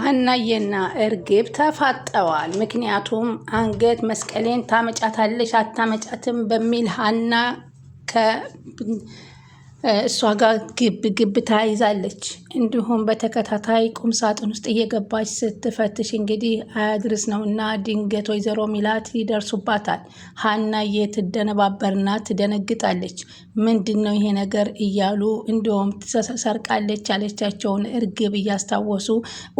ሀናዬና እርግብ ተፋጠዋል። ምክንያቱም አንገት መስቀሌን ታመጫታለሽ አታመጫትም በሚል ሀና እሷ ጋር ግብ ግብ ተያይዛለች። እንዲሁም በተከታታይ ቁም ሳጥን ውስጥ እየገባች ስትፈትሽ እንግዲህ አያድርስ ነው እና ድንገት ወይዘሮ ሚላት ይደርሱባታል። ሀናዬ ትደነባበርና ትደነግጣለች። ምንድን ነው ይሄ ነገር እያሉ እንዲሁም ሰርቃለች ያለቻቸውን እርግብ እያስታወሱ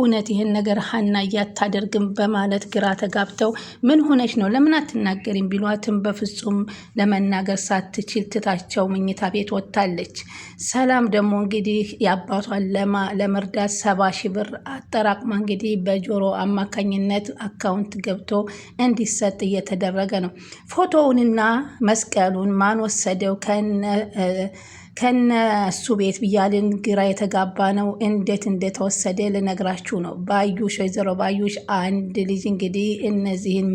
እውነት ይህን ነገር ሀና እያታደርግም በማለት ግራ ተጋብተው ምን ሆነች ነው ለምን አትናገሪም ቢሏትም በፍጹም ለመናገር ሳትችል ትታቸው መኝታ ቤት ወጥታለች። ትችላለች። ሰላም ደግሞ እንግዲህ የአባቷን ለማ ለመርዳት ሰባ ሺህ ብር አጠራቅማ እንግዲህ በጆሮ አማካኝነት አካውንት ገብቶ እንዲሰጥ እየተደረገ ነው። ፎቶውንና መስቀሉን ማን ወሰደው ከነ ከነሱ ቤት ብያልን ግራ የተጋባ ነው። እንዴት እንደተወሰደ ልነግራችሁ ነው። ባዩሽ ወይዘሮ ባዩሽ አንድ ልጅ እንግዲህ እነዚህን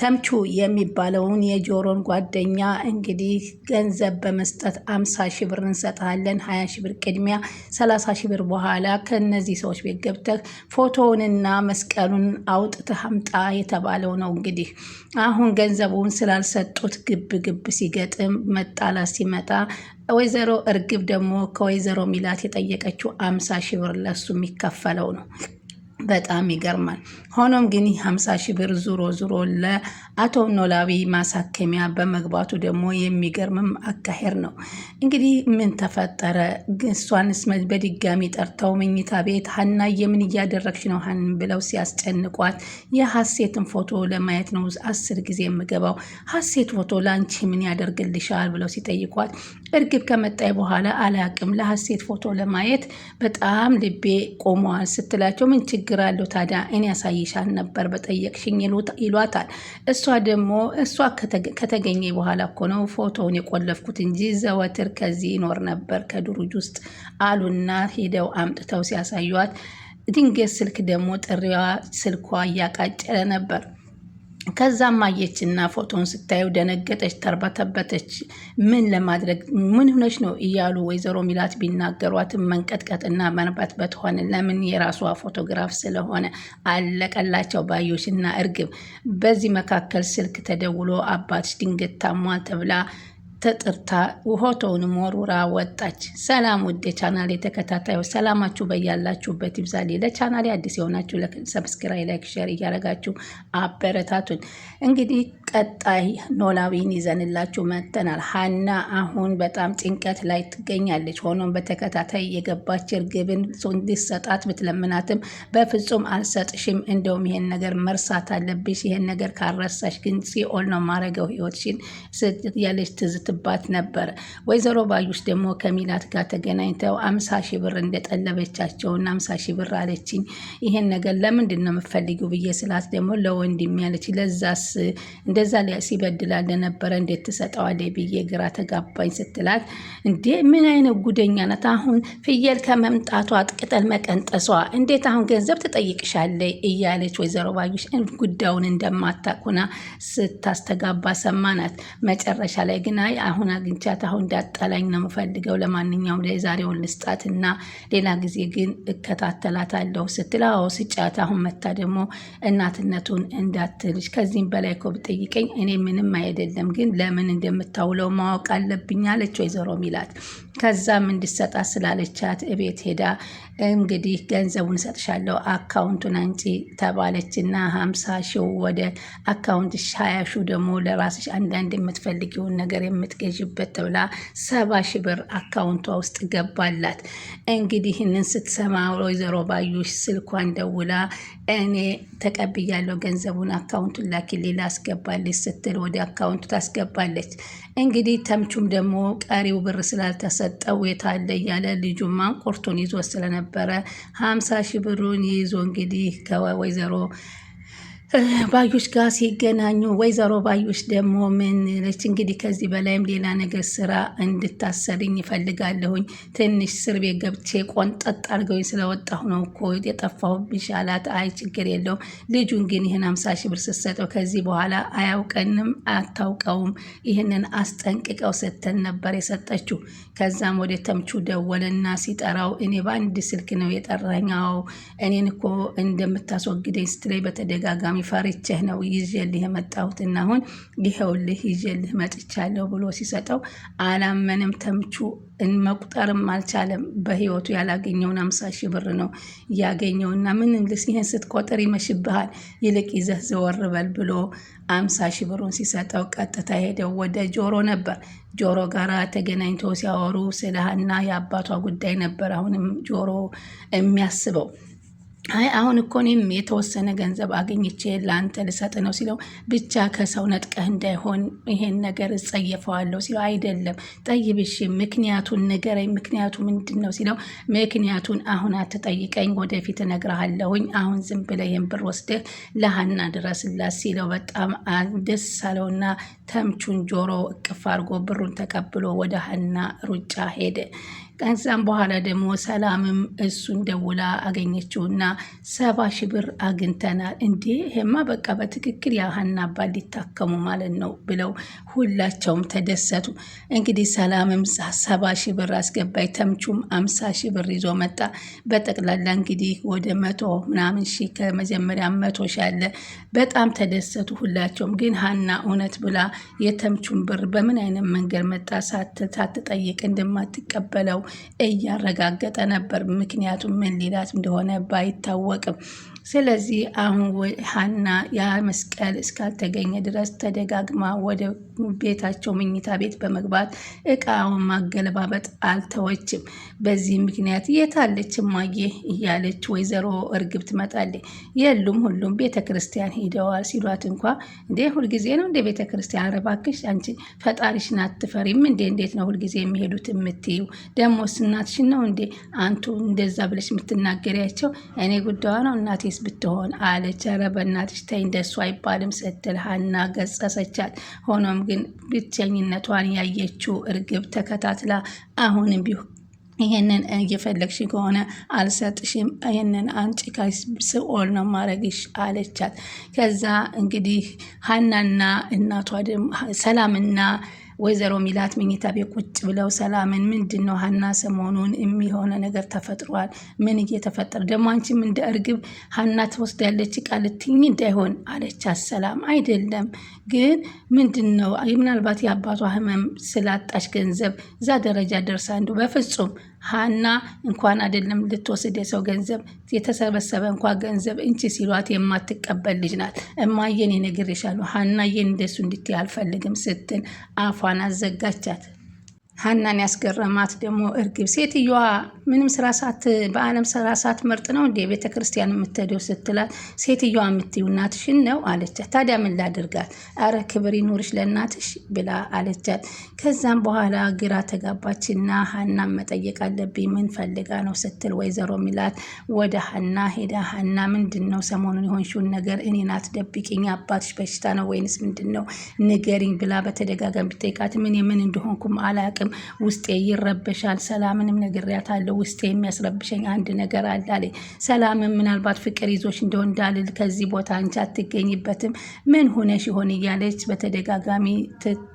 ተምቹ የሚባለውን የጆሮን ጓደኛ እንግዲህ ገንዘብ በመስጠት አምሳ ሺ ብር እንሰጥሃለን፣ ሀያ ሺ ብር ቅድሚያ፣ ሰላሳ ሺ ብር በኋላ ከነዚህ ሰዎች ቤት ገብተህ ፎቶውንና መስቀሉን አውጥተህ አምጣ የተባለው ነው። እንግዲህ አሁን ገንዘቡን ስላልሰጡት ግብ ግብ ሲገጥም መጣላት ሲመጣ ወይዘሮ እርግብ ደግሞ ከወይዘሮ ሚላት የጠየቀችው አምሳ ሺህ ብር ለሱ የሚከፈለው ነው። በጣም ይገርማል። ሆኖም ግን ሀምሳ ሺህ ብር ዙሮ ዙሮ ለአቶ ኖላዊ ማሳከሚያ በመግባቱ ደግሞ የሚገርምም አካሄድ ነው። እንግዲህ ምን ተፈጠረ? እሷንስ በድጋሚ ጠርተው መኝታ ቤት ሀና የምን እያደረግሽ ነው ሀን ብለው ሲያስጨንቋት የሀሴትን ፎቶ ለማየት ነው አስር ጊዜ የምገባው ሀሴት ፎቶ ለአንቺ ምን ያደርግልሻል? ብለው ሲጠይቋት እርግብ ከመጣይ በኋላ አላቅም ለሀሴት ፎቶ ለማየት በጣም ልቤ ቆመዋል ስትላቸው ምን ችግር ችግር አለው ታዲያ? እኔ ያሳይሻል ነበር በጠየቅሽኝ ይሏታል። እሷ ደግሞ እሷ ከተገኘ በኋላ እኮ ነው ፎቶውን የቆለፍኩት እንጂ ዘወትር ከዚህ ይኖር ነበር ከድሩጅ ውስጥ አሉና ሄደው አምጥተው ሲያሳዩት ድንገት ስልክ ደግሞ ጥሪዋ ስልኳ እያቃጨለ ነበር። ከዛም አየችና ፎቶን ስታየው ደነገጠች፣ ተርበተበተች። ምን ለማድረግ ምን ሆነች ነው እያሉ ወይዘሮ ሚላት ቢናገሯትም መንቀጥቀጥና መንበትበት በትሆን ለምን የራሷ ፎቶግራፍ ስለሆነ አለቀላቸው እና እርግብ። በዚህ መካከል ስልክ ተደውሎ አባትሽ ድንገት ታሟል ተብላ ተጥርታ ውሆቶውን ሞሩራ ወጣች። ሰላም ውድ የቻናል ተከታታዮች ሰላማችሁ በያላችሁበት ይብዛል። ለቻናል አዲስ የሆናችሁ ሰብስክራይ፣ ላይክ፣ ሸር እያደረጋችሁ አበረታቱን። እንግዲህ ቀጣይ ኖላዊን ይዘንላችሁ መጥተናል። ሀና አሁን በጣም ጭንቀት ላይ ትገኛለች። ሆኖም በተከታታይ የገባች እርግብን እንዲሰጣት ብትለምናትም በፍጹም አልሰጥሽም፣ እንደውም ይሄን ነገር መርሳት አለብሽ፣ ይሄን ነገር ካረሳሽ ግን ሲኦል ነው ማረገው ህይወትሽን ያለች ትዝት ስትባት ነበር። ወይዘሮ ባዩሽ ደግሞ ከሚላት ጋር ተገናኝተው አምሳ ሺ ብር እንደጠለበቻቸውና አምሳ ሺ ብር አለችኝ። ይሄን ነገር ለምንድን ነው የምፈልጊው ብዬ ስላት ደግሞ ለወንድሜ አለች። ለዛስ እንደዛ ሲበድላ ለነበረ እንዴት ትሰጠዋለች ብዬ ግራ ተጋባኝ ስትላት እንዴ ምን አይነት ጉደኛ ናት! አሁን ፍየል ከመምጣቷ ቅጠል መቀንጠሷ እንዴት አሁን ገንዘብ ትጠይቅሻለች? እያለች ወይዘሮ ባዩሽ ጉዳዩን እንደማታቁና ስታስተጋባ ሰማናት። መጨረሻ ላይ ግን አይ አሁን አግኝቻት አሁን እንዳጠላኝ ነው የምፈልገው። ለማንኛውም ለዛሬው ልስጣት እና ሌላ ጊዜ ግን እከታተላታለሁ ስትል አዎ ስጫት። አሁን መታ ደግሞ እናትነቱን እንዳትልሽ ከዚህም በላይ እኮ ብጠይቀኝ እኔ ምንም አይደለም፣ ግን ለምን እንደምታውለው ማወቅ አለብኝ አለች ወይዘሮ ሚላት ከዛም እንድሰጣት ስላለቻት እቤት ሄዳ እንግዲህ ገንዘቡን እሰጥሻለሁ አካውንቱን አንጪ ተባለችና ሀምሳ ሺው ወደ አካውንት ሀያ ሺው ደግሞ ለራስሽ አንዳንድ የምትፈልጊውን ነገር የምትገዥበት ተብላ ሰባ ሺ ብር አካውንቷ ውስጥ ገባላት። እንግዲህ ይህንን ስትሰማ ወይዘሮ ባዩሽ ስልኳን ደውላ እኔ ተቀብያለሁ ገንዘቡን አካውንቱን ሌላ ላስገባልሽ ስትል ወደ አካውንቱ ታስገባለች። እንግዲህ ተምቹም ደግሞ ቀሪው ብር ስላልተሰ የሰጠው የታለ እያለ ልጁ ማንቁርቱን ይዞ ስለነበረ ሀምሳ ሺህ ብሩን ይዞ እንግዲህ ከወይዘሮ ባዮች ጋር ሲገናኙ ወይዘሮ ባዮች ደግሞ ምን ለች እንግዲህ ከዚህ በላይም ሌላ ነገር ስራ እንድታሰርኝ ይፈልጋለሁኝ ትንሽ እስር ቤት ገብቼ ቆንጠጥ አድርገውኝ ስለወጣሁ ነው እኮ የጠፋሁብሽ ብሻላት። አይ ችግር የለውም ልጁን ግን ይህን አምሳ ሺህ ብር ስትሰጠው ከዚህ በኋላ አያውቀንም አታውቀውም ይህንን አስጠንቅቀው ስትል ነበር የሰጠችው። ከዛም ወደ ተምቹ ደወለና ሲጠራው እኔ በአንድ ስልክ ነው የጠራኛው እኔን እኮ እንደምታስወግደኝ ስትለይ በተደጋጋሚ ፈርቼህ ነው ይዤልህ የመጣሁት እና አሁን ይኸውልህ ይዤልህ መጥቻለሁ ብሎ ሲሰጠው አላመንም። ተምቹ መቁጠርም አልቻለም። በህይወቱ ያላገኘውን አምሳ ሺህ ብር ነው ያገኘው እና ምን ልስ ይህን ስትቆጥር ይመሽብሃል፣ ይልቅ ይዘህ ዘወር በል ብሎ አምሳ ሺህ ብሩን ሲሰጠው ቀጥታ ሄደው ወደ ጆሮ ነበር። ጆሮ ጋር ተገናኝቶ ሲያወሩ ስለ ሀና የአባቷ ጉዳይ ነበር አሁንም ጆሮ የሚያስበው። አይ አሁን እኮ እኔም የተወሰነ ገንዘብ አግኝቼ ለአንተ ልሰጥ ነው ሲለው፣ ብቻ ከሰው ነጥቀህ እንዳይሆን ይሄን ነገር እጸየፈዋለሁ ሲለው፣ አይደለም ጠይብሽ፣ ምክንያቱን ንገረኝ፣ ምክንያቱ ምንድን ነው ሲለው፣ ምክንያቱን አሁን አትጠይቀኝ፣ ወደፊት እነግርሃለሁኝ። አሁን ዝም ብለህ ይህን ብር ወስደህ ለሀና ድረስላት ሲለው፣ በጣም ደስ አለውና ተምቹን ጆሮ እቅፍ አድርጎ ብሩን ተቀብሎ ወደ ሀና ሩጫ ሄደ። ከዛም በኋላ ደግሞ ሰላምም እሱን ደውላ አገኘችውና ሰባ ሺህ ብር አግኝተናል እንዴ ይሄማ በቃ በትክክል ያህና አባት ሊታከሙ ማለት ነው ብለው ሁላቸውም ተደሰቱ። እንግዲህ ሰላምም ሰባ ሺህ ብር አስገባይ፣ ተምቹም አምሳ ሺህ ብር ይዞ መጣ። በጠቅላላ እንግዲህ ወደ መቶ ምናምን ሺህ ከመጀመሪያ መቶ ሺህ አለ። በጣም ተደሰቱ ሁላቸውም። ግን ሀና እውነት ብላ የተምቹን ብር በምን አይነት መንገድ መጣ ሳትጠይቅ እንደማትቀበለው እያረጋገጠ ነበር። ምክንያቱም ምን ሊላት እንደሆነ ባይታወቅም ስለዚህ አሁን ሀና ያ መስቀል እስካልተገኘ ድረስ ተደጋግማ ወደ ቤታቸው መኝታ ቤት በመግባት እቃውን ማገለባበጥ አልተወችም። በዚህ ምክንያት የታለች ማየ እያለች ወይዘሮ እርግብ ትመጣለች። የሉም ሁሉም ቤተ ክርስቲያን ሂደዋል ሲሏት እንኳ እንዴ ሁልጊዜ ነው እንደ ቤተ ክርስቲያን አረባክሽ አንቺ ፈጣሪሽን አትፈሪም እንዴ? እንዴት ነው ሁልጊዜ የሚሄዱት የምትይው? ደግሞ እናትሽን ነው እንዴ አንቱ እንደዛ ብለሽ የምትናገሪያቸው? እኔ ጉዳዋ ነው እናቴ አዲስ ብትሆን አለች። ኧረ በእናትሽ ተይ እንደሱ አይባልም ስትል ሀና ገጸሰቻት። ሆኖም ግን ብቸኝነቷን ያየችው እርግብ ተከታትላ አሁንም ቢሁ ይህንን እየፈለግሽ ከሆነ አልሰጥሽም፣ ይህንን አንጭ ከሲኦል ነው ማድረግሽ አለቻት። ከዛ እንግዲህ ሀናና እናቷ ሰላምና ወይዘሮ ሚላት መኝታ ቤት ቁጭ ብለው ሰላምን ምንድን ነው ሀና ሰሞኑን የሚሆነ ነገር ተፈጥሯል? ምን እየተፈጠረ ደግሞ አንቺም እንደ እርግብ ሀና ያለች ቃል ልትኝ እንዳይሆን አለቻት። ሰላም አይደለም ግን ምንድን ነው ምናልባት የአባቷ ህመም ስላጣሽ ገንዘብ እዛ ደረጃ ደርሳ እንዱ በፍጹም ሀና እንኳን አይደለም ልትወስድ የሰው ገንዘብ የተሰበሰበ እንኳ ገንዘብ እንቺ ሲሏት የማትቀበል ልጅ ናት። እማዬን የነገር ይሻሉ ሀናዬን እንደሱ እንድትይ አልፈልግም ስትል አፏ ቋንቋን አዘጋቻት። ሀናን ያስገረማት ደግሞ እርግብ ሴትዮዋ ምንም ስራ ሳት በአለም ስራ መርጥ ነው እንዴ ቤተ ክርስቲያን የምትሄደው ስትላት ሴትዮዋ የምትዩ እናትሽን ነው አለቻት። ታዲያ ምን ላድርጋት? አረ ክብር ይኑርሽ ለእናትሽ ብላ አለቻት። ከዛም በኋላ ግራ ተጋባችና ሀናን መጠየቅ አለብኝ ምን ፈልጋ ነው ስትል ወይዘሮ ሚላት ወደ ሀና ሄዳ ሀና ምንድን ነው ሰሞኑን የሆንሽውን ነገር እኔን አትደብቂኝ፣ አባትሽ በሽታ ነው ወይንስ ምንድን ነው ንገሪኝ ብላ በተደጋጋሚ ብጠይቃት ምን የምን እንደሆንኩም አላቅም ውስጤ ይረበሻል። ሰላምንም ነግሬያታለሁ። ውስጤ የሚያስረብሸኝ አንድ ነገር አለ አለኝ። ሰላምም ምናልባት ፍቅር ይዞሽ እንደሆን እንዳልል ከዚህ ቦታ አንቺ አትገኝበትም፣ ምን ሆነሽ ይሆን እያለች በተደጋጋሚ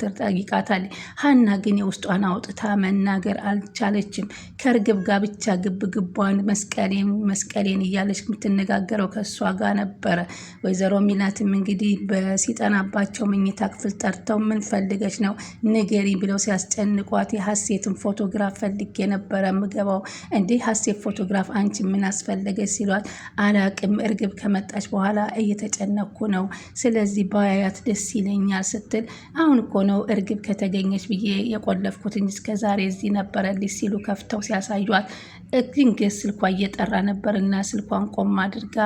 ትጠይቃታለች። ሀና ግን የውስጧን አውጥታ መናገር አልቻለችም። ከእርግብ ጋር ብቻ ግብ ግቧን መስቀሌን መስቀሌን እያለች የምትነጋገረው ከእሷ ጋር ነበረ። ወይዘሮ ሚላትም እንግዲህ በሲጠናባቸው መኝታ ክፍል ጠርተው ምን ፈልገች ነው ንገሪ ብለው ሲያስጨንቋት ሰዓቱ የሀሴትን ፎቶግራፍ ፈልግ የነበረ ምገባው እንዴ ሀሴት ፎቶግራፍ አንቺ ምን አስፈለገ ሲሏት አላቅም እርግብ ከመጣች በኋላ እየተጨነኩ ነው። ስለዚህ ባያያት ደስ ይለኛል ስትል አሁን እኮ ነው እርግብ ከተገኘች ብዬ የቆለፍኩትኝ እስከ ዛሬ እዚህ ነበረልኝ ሲሉ ከፍተው ሲያሳዩት ድንገት ስልኳ እየጠራ ነበርና ስልኳን ቆም አድርጋ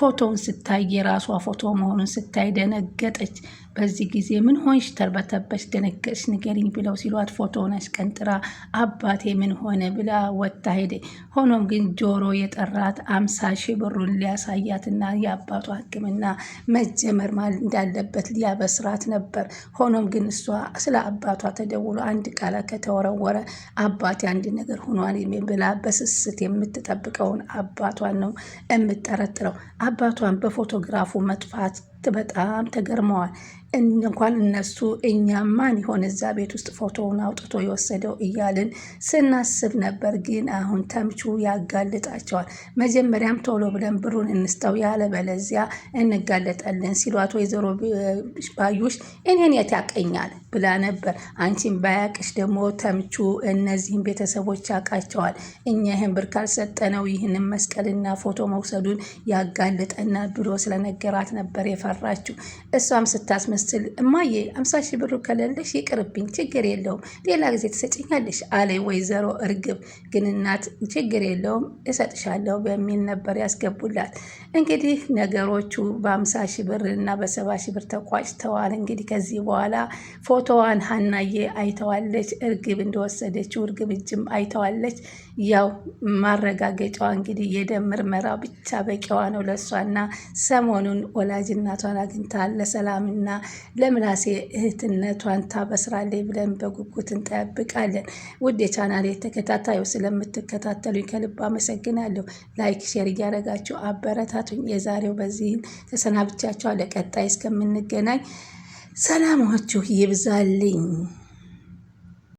ፎቶውን ስታይ የራሷ ፎቶ መሆኑን ስታይ ደነገጠች። በዚህ ጊዜ ምን ሆንሽ? ተርበተበች፣ ደነገጥሽ? ንገሪኝ ብለው ሲሏት ፎቶውን አሽቀንጥራ አባቴ ምን ሆነ ብላ ወጥታ ሄደ። ሆኖም ግን ጆሮ የጠራት አምሳ ሺህ ብሩን ሊያሳያትና የአባቷ ሕክምና መጀመር እንዳለበት ሊያበስራት ነበር። ሆኖም ግን እሷ ስለ አባቷ ተደውሎ አንድ ቃላ ከተወረወረ አባቴ አንድ ነገር ሆኗል ብላ በስስ በስስት የምትጠብቀውን አባቷን ነው የምጠረጥረው። አባቷን በፎቶግራፉ መጥፋት በጣም ተገርመዋል። እንኳን እነሱ እኛ ማን ይሆን እዛ ቤት ውስጥ ፎቶውን አውጥቶ የወሰደው እያልን ስናስብ ነበር። ግን አሁን ተምቹ ያጋልጣቸዋል። መጀመሪያም ቶሎ ብለን ብሩን እንስተው ያለበለዚያ እንጋለጠልን ሲሏት ወይዘሮ ባዩሽ እኔን የት ያቀኛል ብላ ነበር። አንቺን ባያቅሽ ደግሞ ተምቹ እነዚህን ቤተሰቦች ያውቃቸዋል። እኛ ይህን ብር ካልሰጠነው ይህንን መስቀልና ፎቶ መውሰዱን ያጋልጠናል ብሎ ስለነገራት ነበር የፈ ተስፈራራችሁ። እሷም ስታስመስል እማዬ አምሳ ሺህ ብሩ ከሌለሽ ይቅርብኝ፣ ችግር የለውም ሌላ ጊዜ ትሰጭኛለሽ አለ ወይዘሮ እርግብ። ግን እናት ችግር የለውም እሰጥሻለሁ በሚል ነበር ያስገቡላት። እንግዲህ ነገሮቹ በአምሳ ሺህ ብር እና በሰባ ሺህ ብር ተቋጭተዋል። እንግዲህ ከዚህ በኋላ ፎቶዋን ሀናዬ አይተዋለች፣ እርግብ እንደወሰደችው እርግብ እጅም አይተዋለች። ያው ማረጋገጫዋ እንግዲህ የደም ምርመራ ብቻ በቂዋ ነው ለእሷና ሰሞኑን ወላጅ እናቷን አግኝታ ለሰላምና ለምላሴ እህትነቷን ታበስራለች ብለን በጉጉት እንጠብቃለን። ውድ የቻናል የተከታታዩ ስለምትከታተሉኝ ከልብ አመሰግናለሁ። ላይክ፣ ሼር እያደረጋችሁ አበረታቱኝ። የዛሬው በዚህን ተሰናብቻችኋለሁ። ለቀጣይ እስከምንገናኝ ሰላማችሁ ይብዛልኝ።